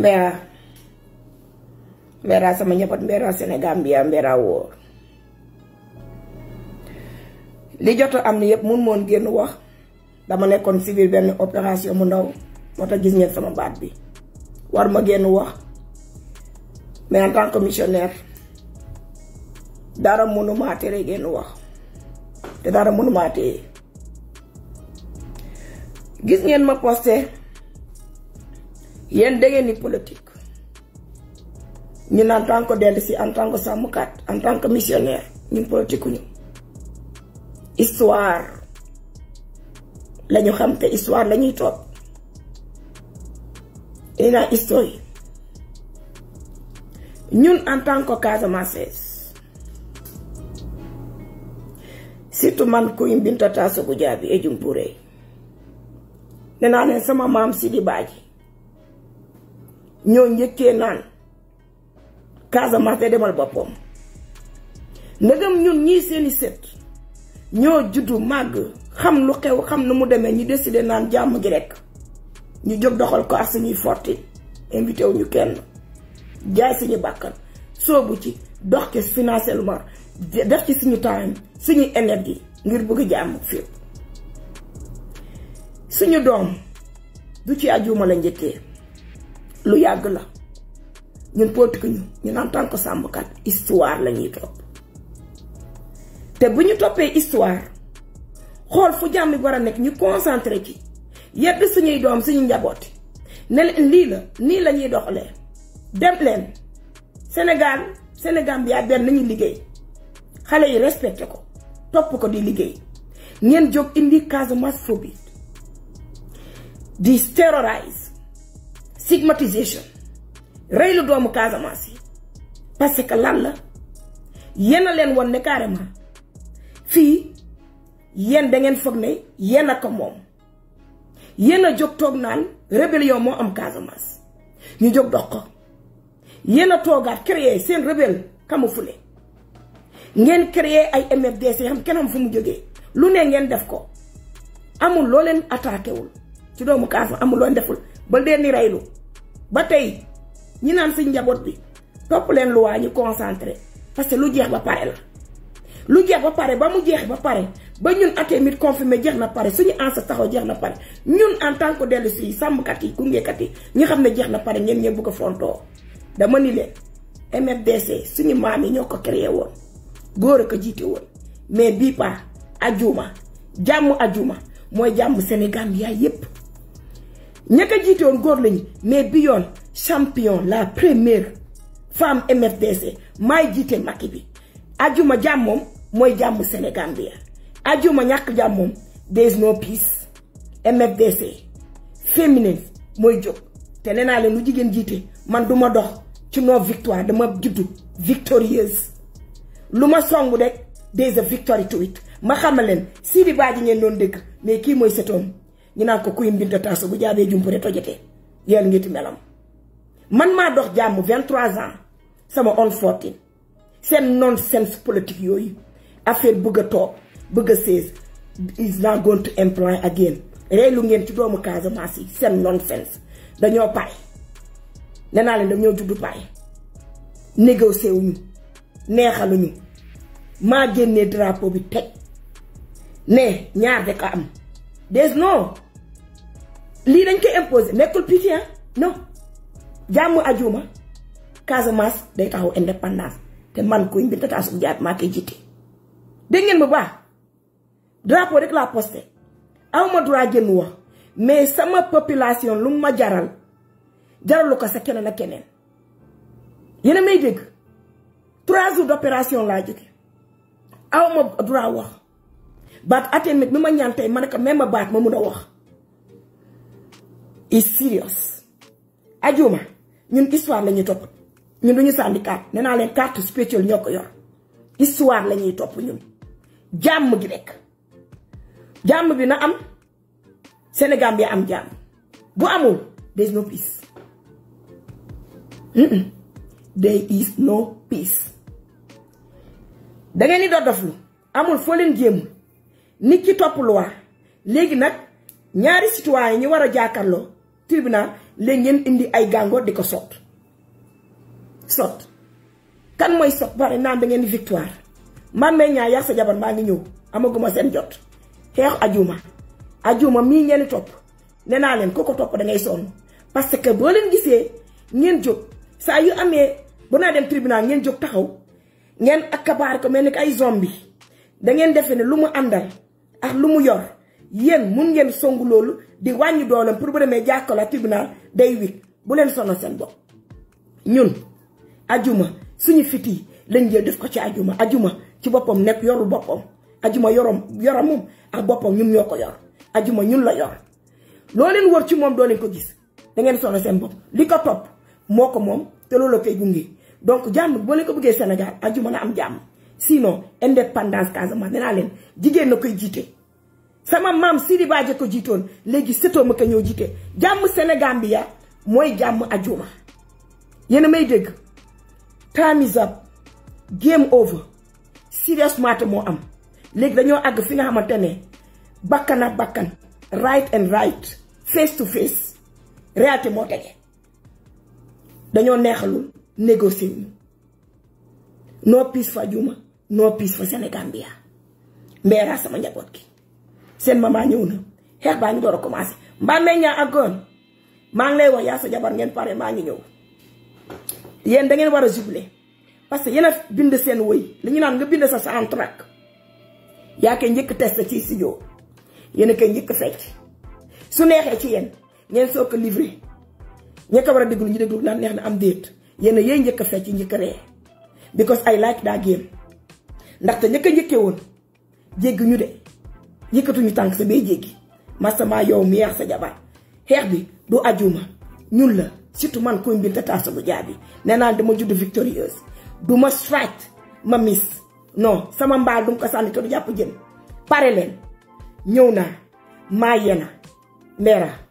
mbera mbera sama njaboot mbera Sénégambia mbera wóor li jot am ni yëpp mun moon génn wax dama nekkoon civil benn opération mu ndaw moo tax gis ngeen sama baat bi war ma génn wax mais en tant que missionnaire dara mënumaa tere génn wax te dara mënumaa téye gis ngeen ma posté yéen da ngeen ni politique ñun en tant que si en tant que sàmmkat en tant que missionnaire ñun politique ñu histoire la ñu xam te histoire la ñuy topp li naa histoire ñun en tant que Casamance surtout man kuy Binta Taasogu Jaabi Ejum Buuree nee naa sama maam Sidi Baaji ñoo njëkkee naan Casamance day demal boppam ndegam ñun ñii seeni set ñoo juddu màgg xam lu xew xam nu mu demee ñu décidé naan jàmm gi rekk ñu jóg doxal ko ak suñuy forti invité ñu kenn jaay suñu bàkkan soobu ci dox ci financièrement def ci suñu temps suñuy énergie ngir bëgg jàmm fépp suñu doom du ci ajuma la njëkkee lu yàgg la ñun politique ñu ñun en tant que sàmmkat histoire lañuy topp te bu ñu toppee histoire xool fu jàmm war a nekk ñu concentré ci yedd suñuy doom suñu njaboot ne lii la nii lañuy doxalee dem leen Sénégal Sénégal bi yaa benn nañu liggéey xale yi respecte ko topp ko di liggéey ngeen jóg indi Casamance phobie di stigmatisation rey lu doomu Casamance yi parce que lan la yéen a leen woon ne carrément fii yéen da ngeen foog ne yéen a ko moom yéen a jóg toog naan rébellion moo am Casamance ñu jóg dox ko yéen a toogaat créer seen rebelle camouflé ngeen créer ay MFDC xam kenn xam fu mu jógee lu ne ngeen def ko amul loo leen attaqué wul ci doomu Casamance amul loo deful ba leen ni reylu ba tay ñi naan si njaboot bi top leen luwaa ñu concentré parce que lu jeex ba paré la lu jeex ba paré ba mu jeex ba paré ba ñun mit confirmé jeex na paré suñu ansa taxo jeex na paré ñun en tant que ci sam kat yi kat yi ñi xamné jeex na ñen ñe bu ko fonto dama ni le MFDC suñu maam yi créé woon ko jité won mais bi pa ajuma jamu ajuma moy jamu Sénégal ya yépp ña ko jiite woon góor lañu mais bi yoon champion la première femme MFDC maay jiite Macky bi ajuma jàmm moom mooy jàmm Sénégal bi ajuma ñàkk jàmmoom moom there's no peace MFDC féminin mooy jóg te nee naa leen lu jigéen jiite man du ma dox ci no victoire dama juddu victorieuse lu ma songu rek des a victory to it ma xamal leen Sidi Badji ngeen doon dégg mais kii mooy setoon ñu naan ko kuy mbinta taasu bu jaabee jumbure tojate yàlla ngiti melam man maa dox jàmm 23 ans sama on 14 seen nonsense politique yooyu affaire bëgg to toog bëgg a is not going to employ again reelu ngeen ci doomu Casamance yi seen nonsense dañoo pare nee naa leen dañoo juddu pare négocier wuñu neexaluñu maa génnee drapeau bi teg ne ñaar de ko am des non lii dañ koy imposer nekkul pitié ah? non jàmm ajuma Casamance day taxaw indépendance te man kuy Binta Taasu Jaay maa koy jiite. dégg ngeen bu baax drapeau rek laa posté awma droit génn wax mais sama population lu ma jaral jaralu ko sa keneen ak keneen yéen may dégg trois jours d'opération laa jóge awma droit wax. baat atémit mi ma ñaan tey ma ne ko même baat ma mun a wax is serious ajuma ñun histoire la ñuy topp ñun duñu sànni carte nee naa leen carte spirituelle ñoo ko yor histoire la ñuy topp ñun jàmm gi rek jàmm bi na am Sénégal bi am jàmm bu amul there is no peace there is no peace di doon doflu amul foo leen jéemul nit ki topp loi legui nak ñaari citoyen ñi wara jaakarlo tribunal le ngeen indi ay gango diko sot sot kan moy sot bare naan da ngeen victoire man may ñaa yàq sa jabar ma ngi ñëw amaguma sen jot xex ajuma ajuma mi ngeen top nee naa leen ku ko da ngay son parce que bo len gisee ngeen jog sa yu amé bu na dem tribunal ngeen jog taxaw ngeen akabar ko melni ay zombie da ngeen ne lu mu ak lu mu yor yeen mun ngeen songu lolou di wañu dooleem pour bu demee jàkkaarloo tribunal day wi bu len sonna sen bok ñun aljuma suñu fiti lañ jël def ko ci aljuma aljuma ci bopam nek yorul bopam aljuma yorom yoramum ak bopam ñum ñoko yor Yun ñun la yor lo len wor ci mom do len ko gis da ngeen sonna sen bok li ko topp moo te loolu la donc jamm bo len ko bëggee Sénégal aljuma na am jamm sinon indépendance Casamance nee leen jigéen na koy jiite. sama maam Sidi Badji ko jiitoon léegi setoo ma ko ñëw jiite jàmm Sénégal bi ya mooy jàmm ajuma yéen a may dégg time up game over seriously moo am léegi dañoo àgg fi nga xamante ne bakkan bakkan right and right face to face réalité moo tege dañoo neexalul négocier wu no peace fa juma no peace for Sénégambia Mera sama njaboot gi Sen mama ñëw na xeex baa ngi door a commencé mbaa meññaa ak goon maa ngi lay wax yaa sa jabar ngeen pare ma ngi ñëw yéen da ngeen wara a jubilé parce que yéen a bind sen wëy li ñu naan nga bind sa sa entraque Ya koy njëkk test ci studio Yen a koy fecc su neexee ci yéen ngeen soog livré ña ko war a déglu naan neex am date. Yen a yéey njëkk fecc njëkk ree because I like that game ndaxte ña ko njëkkee woon jéggi ñu de yëkkatuñu tànk sa bay jéggi masamaa yow mi yeex sa jabar xeex bi du ajuma ñun la surtout man koy mbir tata sa bu jaabi nee naa dama judd victorieuse du ma strike ma miss non sama mbaal du ko sànni te du jàpp jën pare ñëw naa maa yena mera